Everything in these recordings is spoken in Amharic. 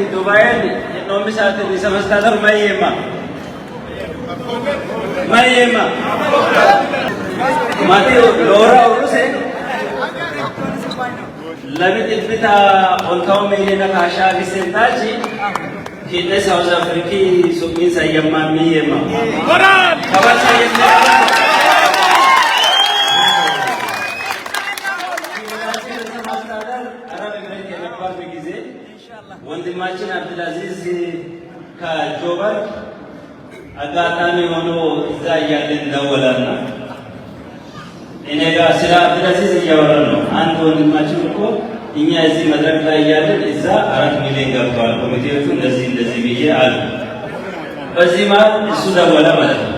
दुबैल नौमी साथ नहीं समझता था मैं ये माँ मैं ये माँ माती लोरा उरु से लबित इतबिता उनकाओं में ये नकाशा की सेंटाची कितने साउथ अफ्रीकी सुमी सायम्मा मी ये माँ खबर सायम्मा अरब इग्रेट के नक्काश में कीजिए ወንድማችን አብዱልአዚዝ ከጆበር አጋጣሚ ሆኖ እዛ እያለን ደወለና እኔ ጋር ስለ አብዱልአዚዝ እያወራን ነው። አንድ ወንድማችን እኮ እኛ እዚህ መድረክ ላይ እያለን እዛ አራት ሚሊዮን ገብተዋል ኮሚቴዎቹ እንደዚህ እንደዚህ ብዬ አሉ። በዚህ ማለት እሱ ደወለ ማለት ነው።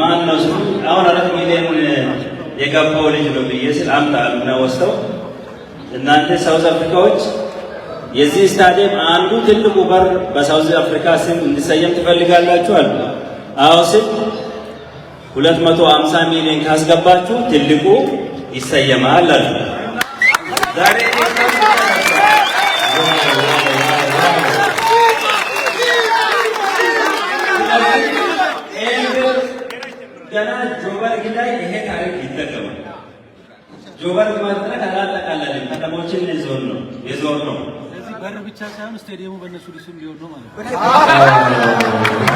ማን ነው ስሉ አሁን አራት ሚሊዮን የገባው ልጅ ነው ብዬ ስል አምጣ አሉና ወስደው እናንተ ሳውዝ አፍሪካዎች የዚህ ስታዲየም አንዱ ትልቁ በር በሳውዝ አፍሪካ ስም እንዲሰየም ትፈልጋላችሁ አሉ። አዎ ስል 250 ሚሊዮን ካስገባችሁ ትልቁ ይሰየማል አሉ። ገና ጆበርግ ላይ ይሄ ታሪክ ይጠቀማል። ጆበርግ ማለት ነው ከተሞችን ዞን ነው የዞን ነው በር ብቻ ሳይሆን ስቴዲየሙ በእነሱ ሊስም ሊሆን ነው ማለት ነው።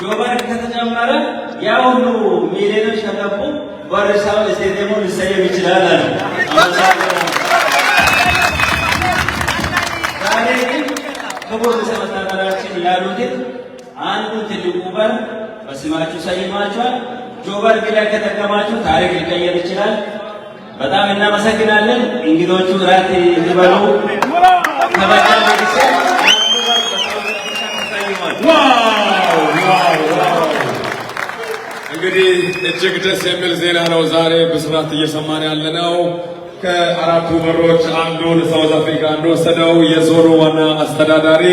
ጆበር ከተጨመረ ያ ሁሉ ሚሊዮኖች ተጠፉ በር ሳይሆን ስቴዲየሙ ሊሰየም ይችላል አሉ። ዛሬ ግን ክቡር ርዕሰ መስተዳድራችን ያሉትን አንዱ ትልቁ በር በስማችሁ ሰይማችኋል። ጆበር ግዳ ከተጠቀማችሁ ታሪክ ሊቀየር ይችላል። በጣም እናመሰግናለን። እንግዶቹ እራት እንዲበሉ እንግዲህ እጅግ ደስ የሚል ዜና ነው። ዛሬ ብስራት እየሰማን ያለ ነው። ከአራቱ በሮች አንዱን ሳውዝ አፍሪካ እንደወሰደው የዞኑ ዋና አስተዳዳሪ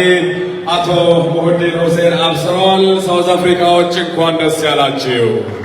አቶ ሙሁዲን ሁሴን አብስሯል። ሳውዝ አፍሪካዎች እንኳን ደስ ያላችሁ።